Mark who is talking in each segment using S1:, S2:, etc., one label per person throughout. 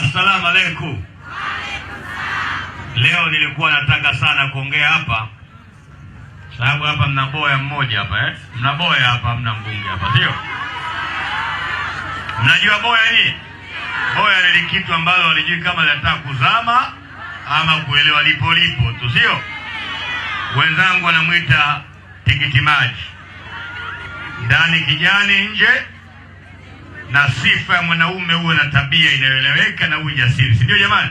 S1: Assalamu alaikum. Leo nilikuwa nataka sana kuongea hapa, sababu hapa mna boya mmoja hapa eh? boya hapa, mna mbunge hapa, sio? Mnajua boya ni boya ni kitu ambalo walijui kama linataka kuzama ama kuelewa lipo lipo tu, sio? Wenzangu wanamwita tikiti maji, ndani kijani, nje na sifa ya mwanaume huwe na tabia inayoeleweka na ujasiri, si ndio jamani?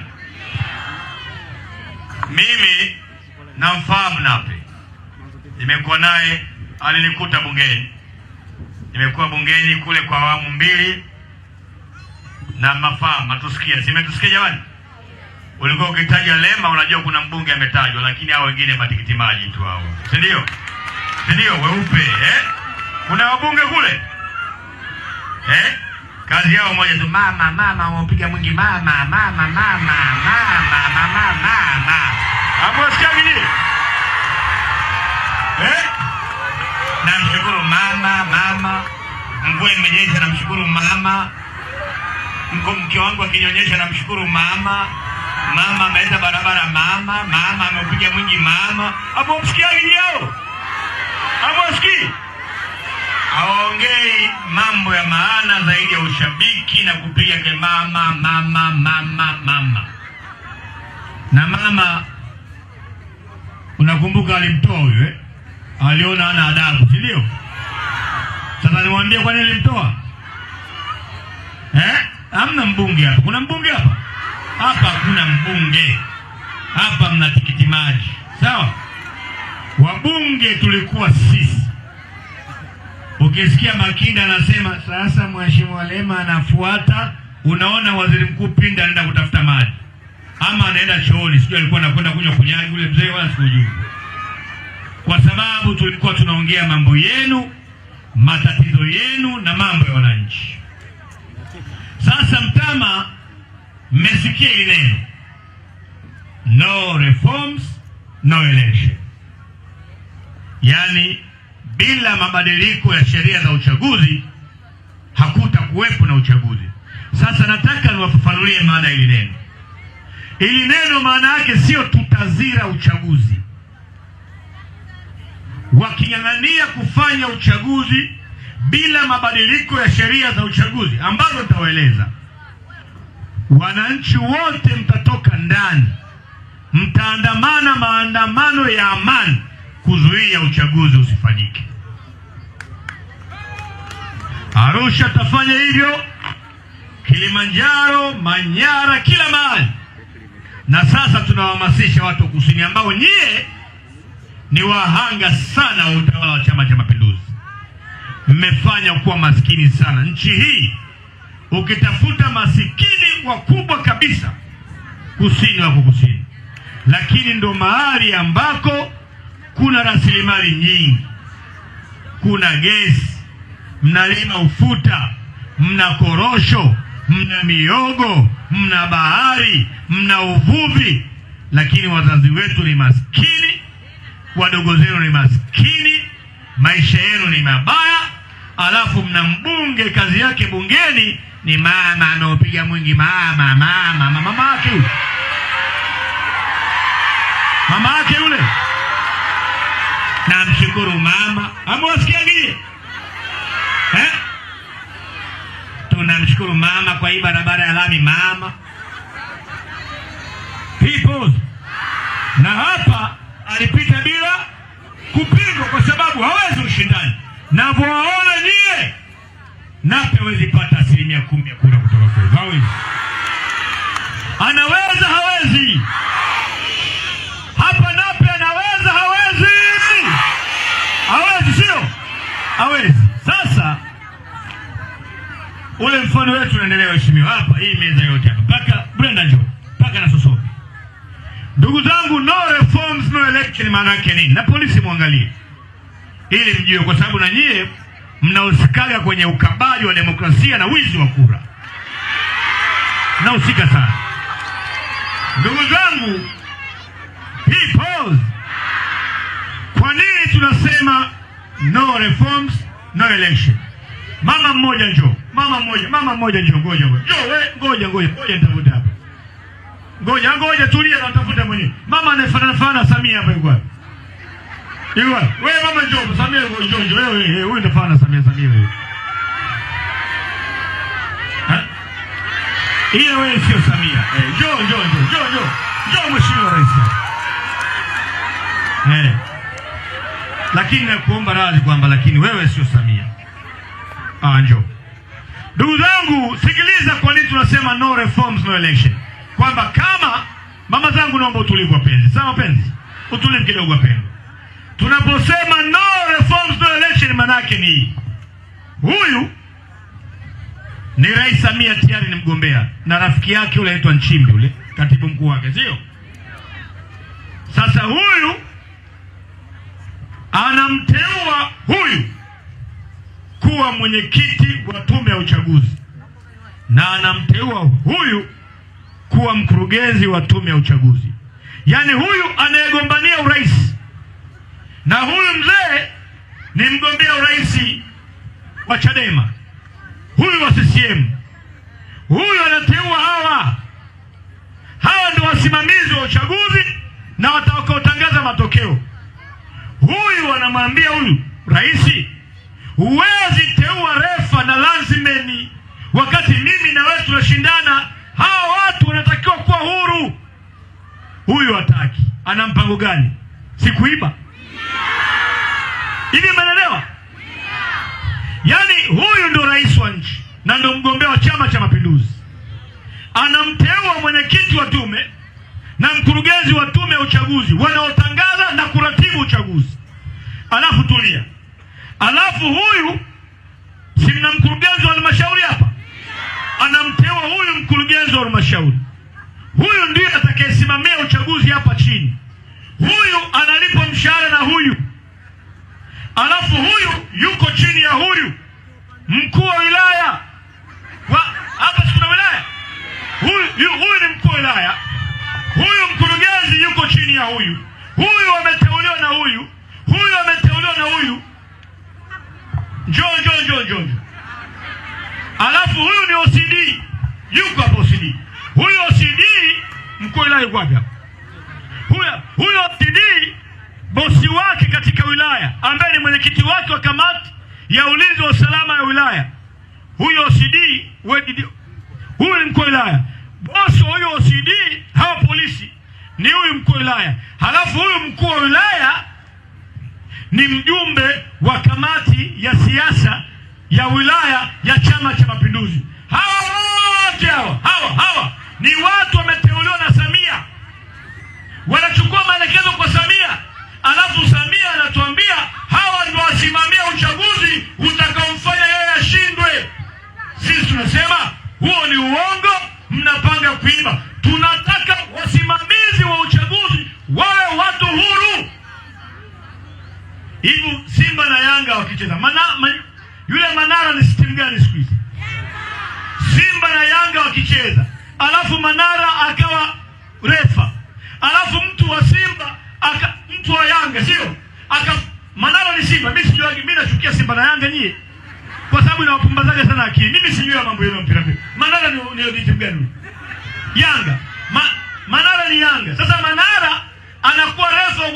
S1: Mimi namfahamu Nape, nimekuwa naye, alinikuta bungeni, nimekuwa bungeni kule kwa awamu mbili na mafahamu matusikia, simetusikia jamani. Ulikuwa ukitaja Lema, unajua kuna mbunge ametajwa, lakini hao wengine matikiti maji tu hao, si ndio? Si ndio weupe eh? Kuna wabunge kule eh? Kazi yao moja tu, mama mama, wampiga mwingi mama mama mama mama mama mama. Amwasikia nini? Eh? Namshukuru mama mama. Mvua imenyesha, namshukuru mama. Mko mke wangu akinyonyesha, namshukuru mama. Mama ameenda barabara mama mama, amepiga mwingi mama. Hapo msikia yao? Hapo msikia? haongei mambo ya maana zaidi ya ushabiki na kupiga ke mama mama mama mama na mama. Unakumbuka alimtoa huyo eh? Aliona ana adabu, si ndio? Sasa niwaambie kwa nini alimtoa eh? Hamna mbunge hapa, kuna mbunge hapa hapa? Hakuna mbunge hapa, mna tikiti maji sawa. Wabunge tulikuwa sisi Ukisikia Makinda anasema sasa Mheshimiwa Lema anafuata, unaona waziri mkuu Pinda anaenda kutafuta maji ama anaenda chooni, sijui alikuwa anakwenda kunywa kunyagi yule mzee, wala sikujui, kwa sababu tulikuwa tunaongea mambo yenu, matatizo yenu na mambo ya wananchi. Sasa Mtama, mmesikia ile neno no reforms no election, yaani bila mabadiliko ya sheria za uchaguzi hakutakuwepo na uchaguzi. Sasa nataka niwafafanulie maana ili neno. ili neno maana yake sio tutazira uchaguzi. Waking'ang'ania kufanya uchaguzi bila mabadiliko ya sheria za uchaguzi ambazo nitawaeleza, wananchi wote mtatoka ndani, mtaandamana maandamano ya amani kuzuia uchaguzi usifanyike. Arusha tafanya hivyo, Kilimanjaro, Manyara, kila mahali. Na sasa tunawahamasisha watu kusini, ambao nyie ni wahanga sana wa utawala wa Chama cha Mapinduzi. Mmefanya kuwa maskini sana nchi hii. Ukitafuta masikini wakubwa kabisa, kusini wako kusini, lakini ndo mahali ambako kuna rasilimali nyingi, kuna gesi mnalima ufuta, mna korosho, mna miogo, mna bahari, mna uvuvi, lakini wazazi wetu ni maskini, wadogo zenu ni maskini, maisha yenu ni mabaya, alafu mna mbunge kazi yake bungeni ni mama anaopiga mwingi, mama mama mama, mama yake mama yake yule. Namshukuru mama, amewasikia nyie. Tunamshukuru mama kwa hii barabara ya lami mama People. Na hapa alipita bila kupingwa kwa sababu hawezi ushindani. Navyowaona nyie, Nape hawezi pata asilimia kumi ya kura kutoka kwenu. Hawezi, anaweza hawezi ule mfano wetu unaendelea, waheshimiwa, hapa hii meza yote hapa mpaka Brenda njoo mpaka na Sosobi. Ndugu zangu, no reforms no election maana yake nini? Na polisi muangalie ili mjue, kwa sababu na nyie mnahusikaga kwenye ukabaji wa demokrasia na wizi wa kura, mnahusika sana ndugu zangu people. Kwa nini tunasema no reforms no election? Mama mmoja njoo mama mmoja, mama mmoja ndio. Ngoja ngoja, njoo wewe, ngoja ngoja, ngoja nitafute hapa, ngoja ngoja, tulia na utafuta mwenyewe. Mama anafanana fana Samia hapa, yuko Yuko Wewe mama, njoo Samia, yuko njoo, njoo wewe, wewe wewe unafanana Samia, Samia wewe. Hiyo wewe sio Samia. Eh, njoo njoo njoo njoo njoo. Njoo mheshimiwa rais. Eh. Lakini nakuomba radhi kwamba lakini wewe sio Samia. Ah, njoo. Ndugu zangu, sikiliza kwa nini tunasema no reforms no election, kwamba kama mama zangu, naomba utulivu wapenzi, sawa wapenzi, utulivu kidogo wapenzi. Tunaposema no reforms no election, maana yake ni huyu ni Rais Samia tayari ni mgombea na rafiki yake yule anaitwa Nchimbi, yule katibu mkuu wake, sio? Sasa huyu anamteua huyu kuwa mwenyekiti wa tume ya uchaguzi na anamteua huyu kuwa mkurugenzi wa tume ya uchaguzi, yaani huyu anayegombania urais na huyu mzee ni mgombea urais wa Chadema, huyu wa CCM, huyu anateua hawa. Hawa ndio wasimamizi wa uchaguzi na watakaotangaza matokeo. Huyu anamwambia huyu rais Huwezi teua refa na lazimeni wakati mimi na wewe tunashindana. Hawa watu wanatakiwa kuwa huru. Huyu hataki, ana mpango gani? Sikuiba hivi, yeah. Yaani huyu ndo rais wa nchi na ndo mgombea wa Chama cha Mapinduzi, anamteua mwenyekiti wa tume na mkurugenzi wa tume ya uchaguzi wanaotangaza na kuratibu uchaguzi, alafu tulia alafu huyu si mna mkurugenzi wa halmashauri hapa, anamtewa huyu mkurugenzi wa halmashauri, huyu ndiye atakayesimamia uchaguzi hapa chini, huyu analipwa mshahara na huyu, alafu huyu yuko chini ya huyu mkuu wa wilaya hapa, kuna wilaya? Huyu, yu, huyu ni mkuu wa wilaya, huyu mkurugenzi yuko chini ya huyu, huyu ameteuliwa na huyu, huyu ameteuliwa na huyu njoo njoo njoo njoo. Alafu huyu ni OCD, yuko hapo OCD. Huyu OCD mkuu wilaya yuko wapi? Huyu huyu OCD bosi wake katika wilaya ambaye ni mwenyekiti wake wa kamati ya ulinzi wa usalama ya wilaya. Huyu OCD wewe, huyu ni mkuu wilaya. Bosi huyu OCD hawa polisi ni huyu mkuu wilaya. Halafu huyu mkuu wa wilaya ni mjumbe wa kamati ya siasa ya wilaya ya Chama cha Mapinduzi. Hawa wote hawa hawa hawa ni watu wameteuliwa na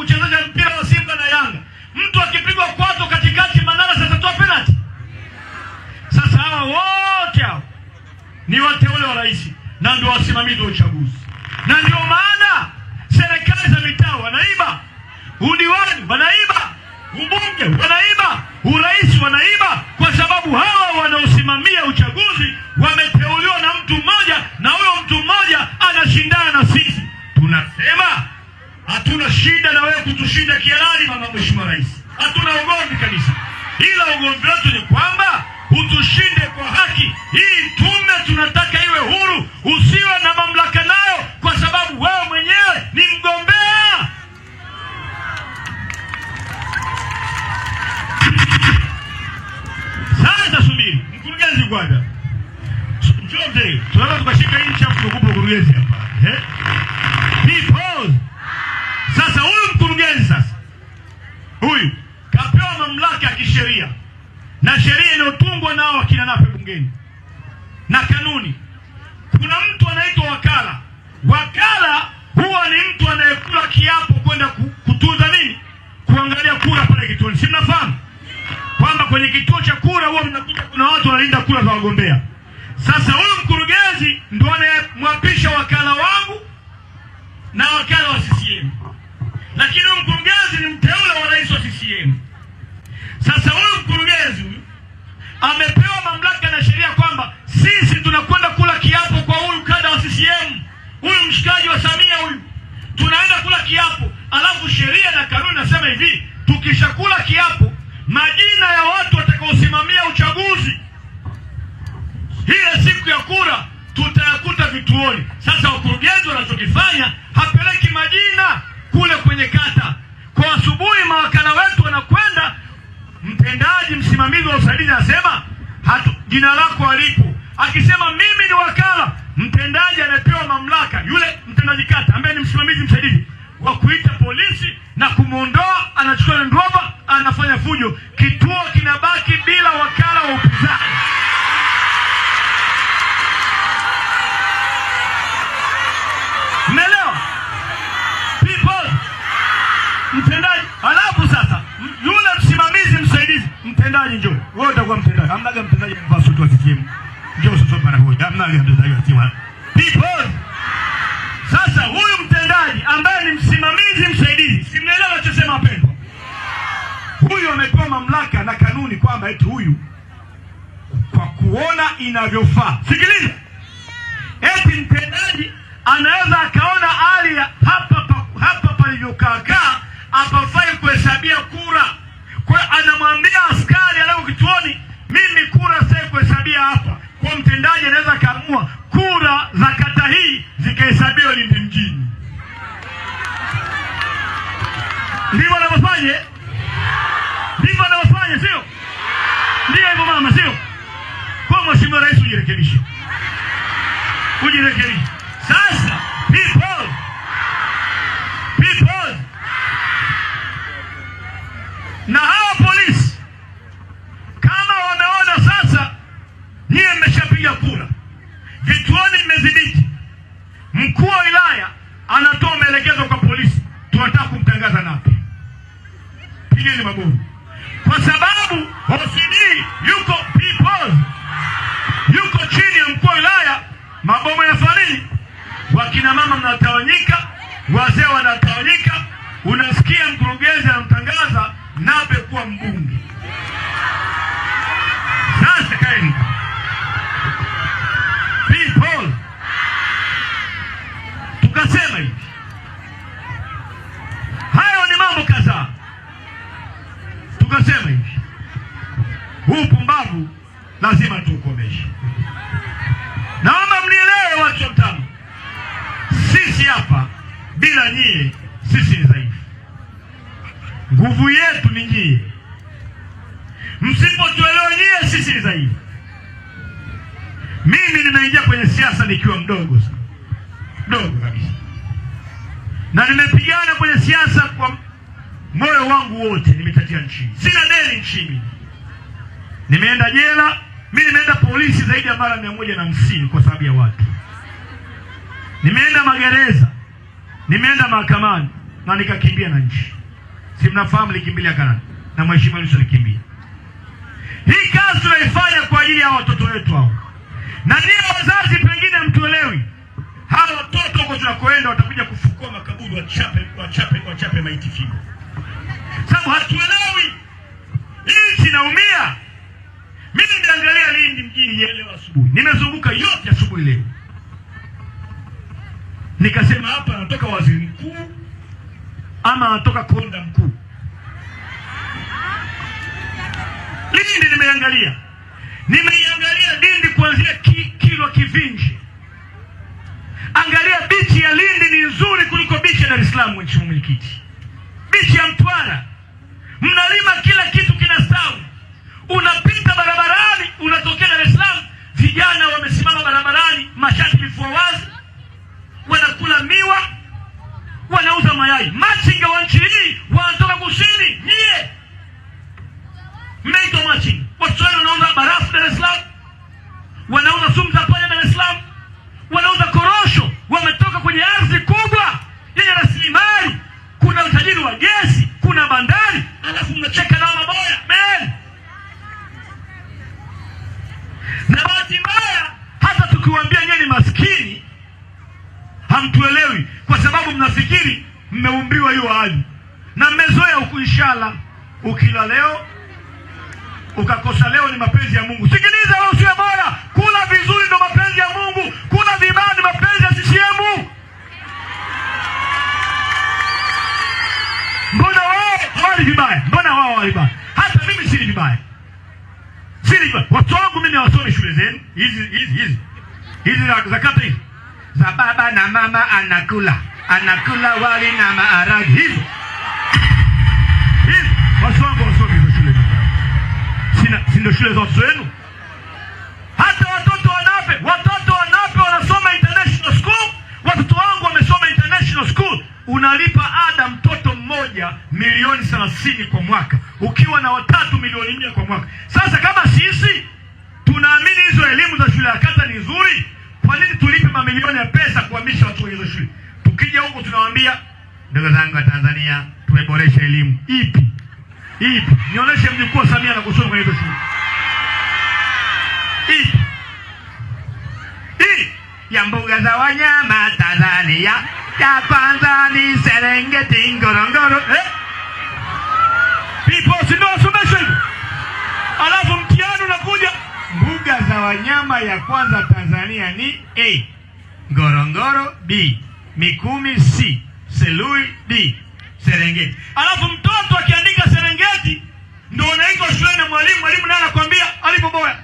S1: kuchezesha mpira wa Simba na Yanga. Mtu akipigwa kwato katikati, Manara satatoa penalty. Sasa hawa wote hao ni wateule wa rais na ndio wasimamizi wa uchaguzi, na ndio maana serikali za mitaa wanaiba, udiwani wanaiba, ubunge wanaiba, urais wanaiba, kwa sababu hawa wanaosimamia uchaguzi wameteuliwa na mtu mmoja, na huyo mtu mmoja anashindana na sisi. Tunasema Hatuna shida na wewe kutushinda kihalali, mama mheshimiwa rais, hatuna ugomvi kabisa, ila ugomvi wetu ni kwamba utushinde kwa haki. Hii tume tunataka iwe huru usi kazi ndio akisema mimi ni wakala, mtendaji anapewa mamlaka, yule mtendaji kata ambaye ni msimamizi msaidizi wa kuita polisi na kumwondoa, anachukua Land Rover, anafanya fujo, kituo kinabaki bila wakala wa upinzani. people? Mtendaji alafu sasa, yule msimamizi msaidizi, mtendaji njoo wewe, utakuwa mtendaji, amnaga mtendaji maramoja, mnaliadozaiwasiwa people. Sasa huyu mtendaji ambaye ni msimamizi msaidizi, simnaelewa anachosema wapendwa, huyu amepewa mamlaka na kanuni kwamba eti huyu kwa kuona inavyofaa, sikiliza, eti mtendaji anaweza akaona hali ya hapa hapa palivyokaakaa apafai kuhesabia kura, kwa anamwambia askari alako kituoni, mimi kura sai kuhesabia hapa kwa mtendaji anaweza akaamua kura za kata hii zikahesabiwa Lindi mjini. Ndivyo anavyofanya, ndivyo anavyofanya, sio ndio hivyo mama, sio kwa Mheshimiwa Rais, ujirekebishe, ujirekebishe sasa Huu pumbavu lazima tuukomeshe. Naomba mnielewe, watu wa Mtama, sisi hapa bila nyie sisi ni dhaifu. Nguvu yetu ni nyie. Msipotuelewa nyie, sisi ni dhaifu. Mimi nimeingia kwenye siasa nikiwa mdogo sana, mdogo kabisa, na nimepigana kwenye siasa kwa moyo wangu wote, nimetatia nchini sina deni nchini nimeenda jela mi, nimeenda polisi zaidi ya mara mia moja na hamsini kwa sababu ya watu. Nimeenda magereza, nimeenda mahakamani na nikakimbia na nchi. Si mnafahamu likimbilia Kanani na mheshimiwa Lissu alikimbia. Hii kazi tunaifanya kwa ajili ya watoto wetu hao, na niye wazazi, pengine mtuelewi. Hawa watoto huko tunakoenda watakuja kufukua makaburi, wachape wachape wachape maiti figo, sababu hatuelewi. Nchi inaumia. Mimi nimeangalia Lindi mjini yeleo asubuhi, nimezunguka yote asubuhi leo, nikasema hapa anatoka waziri mkuu ama anatoka konda mkuu. Lindi nimeangalia, nimeiangalia Lindi kuanzia ki, Kilwa Kivinje. Angalia bichi ya Lindi ni nzuri kuliko bichi ya Dar es Salaam. Mheshimiwa Mwenyekiti, bichi ya Mtwara mnalima kila kitu kinastawi, una wanauza mayai. Machinga wa nchini wanatoka kusini, nyie mmeitwa machinga. Waswahili wanauza barafu Dar es Salaam, wanauza sumu za panya Dar es Salaam, wanauza korosho. Wametoka kwenye ardhi kubwa yenye rasilimali, kuna utajiri wa gesi, kuna bandari, alafu mnacheka nao maboya men. Na bahati mbaya hata tukiwaambia nyie ni maskini hamtuelewi kwa sababu mnafikiri mmeumbiwa hiyo hali na mmezoea huku. Inshallah, ukila leo ukakosa leo, ni mapenzi ya Mungu. Sikiliza wewe, usiwe bora. Kula vizuri ndo mapenzi ya Mungu, kula vibaya ni mapenzi ya CCM. Mbona wao hawali vibaya? Mbona wao hawali vibaya? Hata mimi sili vibaya, sili vibaya. Watu wangu mimi nawasomi shule zenu hizi hizi hizi hizi za kata hizi za baba na mama, anakula anakula wali na maharage hivyo hivyo. Wasomi wasomi hizo shule sina, si ndio shule za watoto wenu? Hata watoto wanape, watoto wanape wanasoma international school. Watoto wangu wamesoma international school. Unalipa ada mtoto mmoja milioni thelathini kwa mwaka, ukiwa na watatu milioni mia kwa mwaka. Sasa kama sisi tunaamini hizo elimu za shule ya kata ni nzuri kwa nini tulipe mamilioni ya pesa kuhamisha watu wa hizo shule? Tukija huko tunawaambia ndugu zangu wa Tanzania, tumeboresha elimu. Ipi? Ipi? Nionyeshe mjukuu Samia na kusoma kwenye hizo shule. Ipi? Ipi? ya mbuga za wanyama Tanzania, ya kwanza ni Serengeti, Ngorongoro, eh? mbuga za wanyama ya kwanza Tanzania ni A Ngorongoro, B Mikumi, C Selui, D Serengeti. Alafu mtoto akiandika Serengeti ndio unaitwa shule na mwalimu, mwalimu naye anakuambia alipoboya.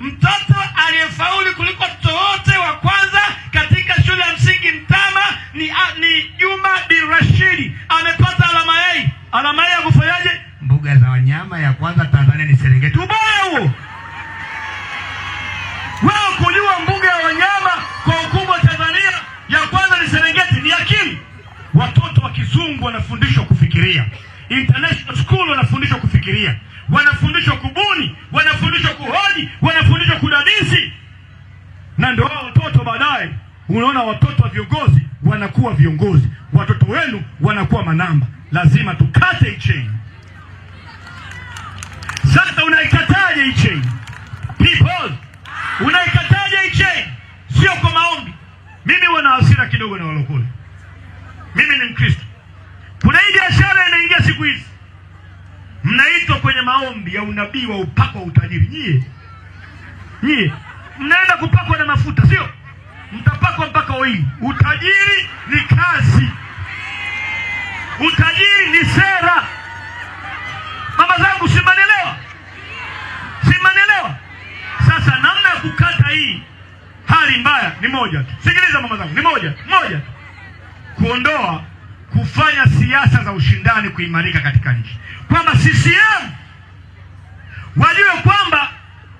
S1: Mtoto aliyefaulu kuliko watoto wote wa kwanza katika shule ya msingi Mtama ni, ni Juma bin Rashidi amepata alama A. Alama A ya kufanyaje? Mbuga za wanyama ya kwanza Tanzania ni Serengeti. Ubaya huo. Wewe kujua mbuga ya wanyama kwa ukubwa Tanzania ya kwanza ni Serengeti ni akili. Watoto wa kizungu wanafundishwa kufikiria, international school wanafundishwa kufikiria, wanafundishwa kubuni, wanafundishwa kuhoji, wanafundishwa kudadisi, na ndio hao watoto baadaye unaona watoto wa viongozi wanakuwa viongozi, watoto wenu wanakuwa manamba. Lazima tukate chain. Sasa unaikataje chain? people? Unaikataja hii sio kwa maombi. Mimi wana hasira kidogo na walokole. Mimi ni Mkristo. Kuna hii biashara inaingia siku hizi, mnaitwa kwenye maombi ya unabii wa upako wa utajiri. Nyie nyie mnaenda kupakwa na mafuta, sio? Mtapakwa mpaka oili. Utajiri ni kazi, utajiri ni sera. Mama zangu, simanelewa simanelewa sasa namna sababu kata hii hali mbaya ni moja tu. Sikiliza mama zangu, ni moja moja tu, kuondoa kufanya siasa za ushindani kuimarika katika nchi, kwamba CCM wajue kwamba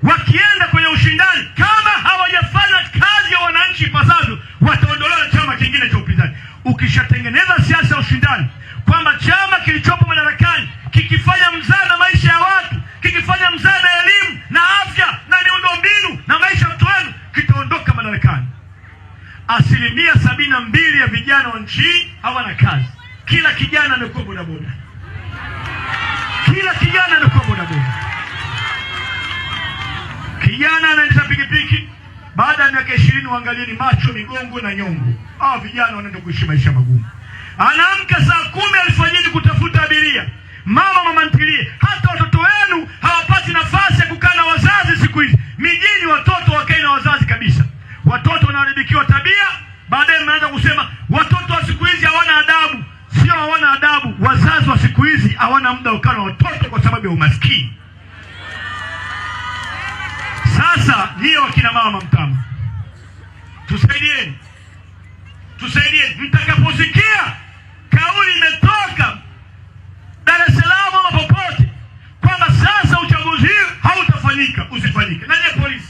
S1: wakienda kwenye ushindani kama hawajafanya kazi ya wananchi ipasavyo, wataondolewa chama kingine cha upinzani. Ukishatengeneza siasa ya ushindani kwamba chama kilichopo madarakani kikifanya mzaa na maisha ya watu, kikifanya mzaa na elimu na afya na miundombinu na maisha ya mtu wenu kitaondoka madarakani. Asilimia sabini na mbili ya vijana wa nchi hii hawana kazi. Kila kijana amekuwa bodaboda, kila kijana amekuwa bodaboda. Kijana anaendesha pikipiki, baada ya miaka ishirini uangalieni macho, migongo na nyongo. Hawa vijana wanaenda kuishi maisha magumu. Anaamka saa kumi alfajiri kutafuta abiria. Mama mama ntilie, hata watoto wenu hawapati nafasi Mijini watoto wakae na wazazi kabisa, watoto wanaharibikiwa tabia, baadaye mnaanza kusema watoto wa siku hizi hawana adabu. Sio hawana adabu, wazazi wa siku hizi hawana muda ukana watoto kwa sababu ya umaskini. Sasa niyo wakina mama mtama, tusaidieni, tusaidieni. Mtakaposikia kauli imetoka Dar es Salaam ama popote kwamba sasa kufanyika usifanyike. Na polisi,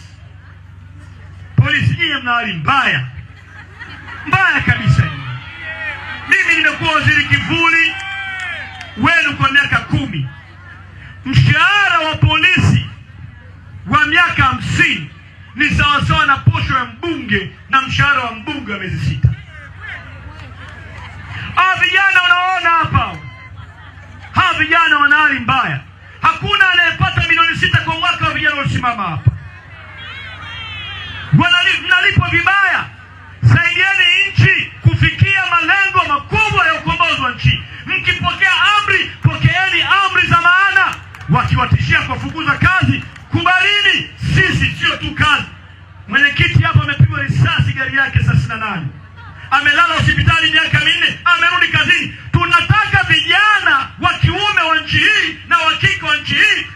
S1: polisi nyinyi mna hali mbaya mbaya kabisa. Mimi nimekuwa waziri kivuli wenu kwa miaka kumi, mshahara wa polisi wa miaka hamsini ni sawasawa na posho ya mbunge na mshahara wa mbunge wa miezi sita. Hawa vijana unaona hapa, hawa vijana wana hali mbaya. Hakuna anayepata milioni sita kwa mwaka wa vijana waliosimama hapa. Mnalipwa vibaya. Saidieni nchi kufikia malengo makubwa ya ukombozi wa nchi. Mkipokea amri, pokeeni amri za maana. Wakiwatishia kuwafukuza kazi, kubalini, sisi sio tu kazi. Mwenyekiti hapa amepigwa risasi gari yake saa na nane amelala hospitali miaka minne, amerudi kazini. Tunataka vijana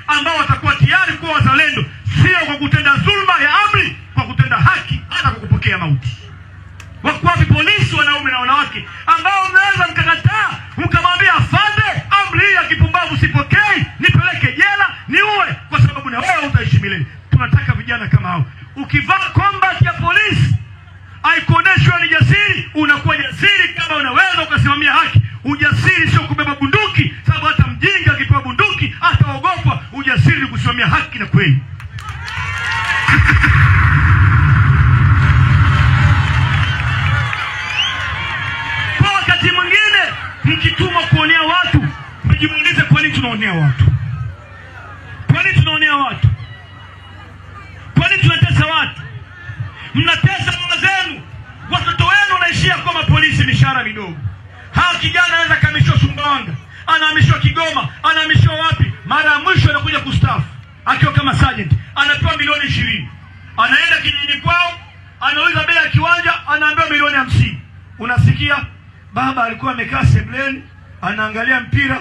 S1: ambao watakuwa tayari kuwa wazalendo, sio kwa kutenda dhuluma ya amri, kwa kutenda haki, hata kwa kupokea mauti. Wakuwapi polisi wanaume na wanawake ambao mnaweza mkakataa mkamwambia afande, amri hii ya kipumbavu sipokei, nipeleke jela niue, kwa sababu na wewe utaishi milele. Tunataka vijana kama hao. Ukivaa combat ya polisi haikuoneshwa ni jasiri, unakuwa jasiri kama unaweza ukasimamia haki. Ujasiri sio kubeba bunduki. ujasiri kusimamia haki na kweli. Kwa wakati mwingine mkitumwa kuonea watu, mjimuulize kwa nini tunaonea watu? Kwa nini tunaonea watu? Kwa nini tunatesa watu? Mnatesa mama zenu, watoto wenu wanaishia kwa mapolisi, mishahara midogo. Hawa kijana anaweza kamishwa Sumbawanga, anahamishwa Kigoma, anahamishwa milioni ishirini, anaenda kijijini kwao, anauliza bei ya kiwanja, anaambiwa milioni hamsini. Unasikia baba alikuwa amekaa sebleni anaangalia mpira,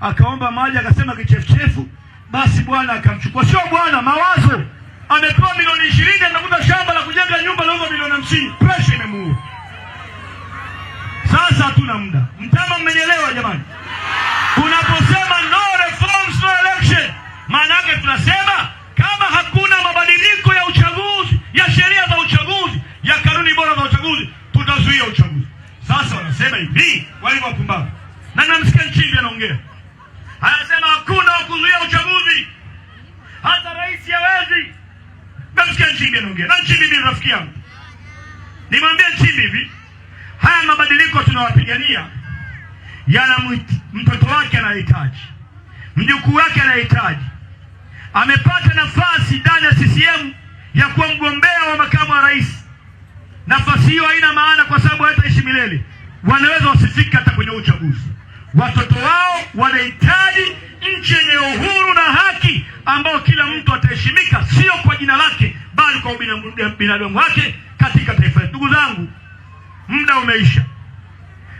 S1: akaomba maji, akasema kichefuchefu. Basi bwana akamchukua, sio bwana, mawazo amepewa milioni ishirini ya kuwa mgombea wa makamu wa rais. Nafasi hiyo haina maana kwa sababu hataishi milele. Wanaweza wasifika hata kwenye uchaguzi. Watoto wao wanahitaji nchi yenye uhuru na haki, ambao kila mtu ataheshimika, sio kwa jina lake, bali kwa binadamu wake katika taifa letu. Ndugu zangu, muda umeisha,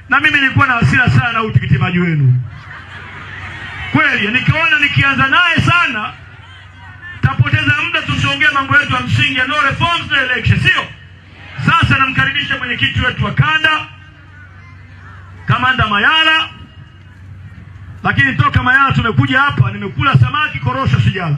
S1: na mimi nilikuwa na hasira sana utikitimaji wenu kweli, nikaona nikianza naye sana kupoteza muda, tusiongee mambo yetu ya msingi ya no reforms no election, sio? Sasa namkaribisha mwenyekiti wetu wa kanda Kamanda Mayala, lakini toka Mayala tumekuja hapa, nimekula samaki korosho sijala.